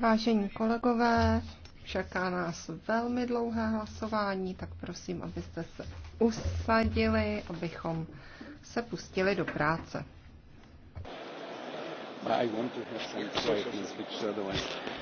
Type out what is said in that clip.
Vážení kolegové, čeká nás velmi dlouhé hlasování, tak prosím, abyste se usadili, abychom se pustili do práce.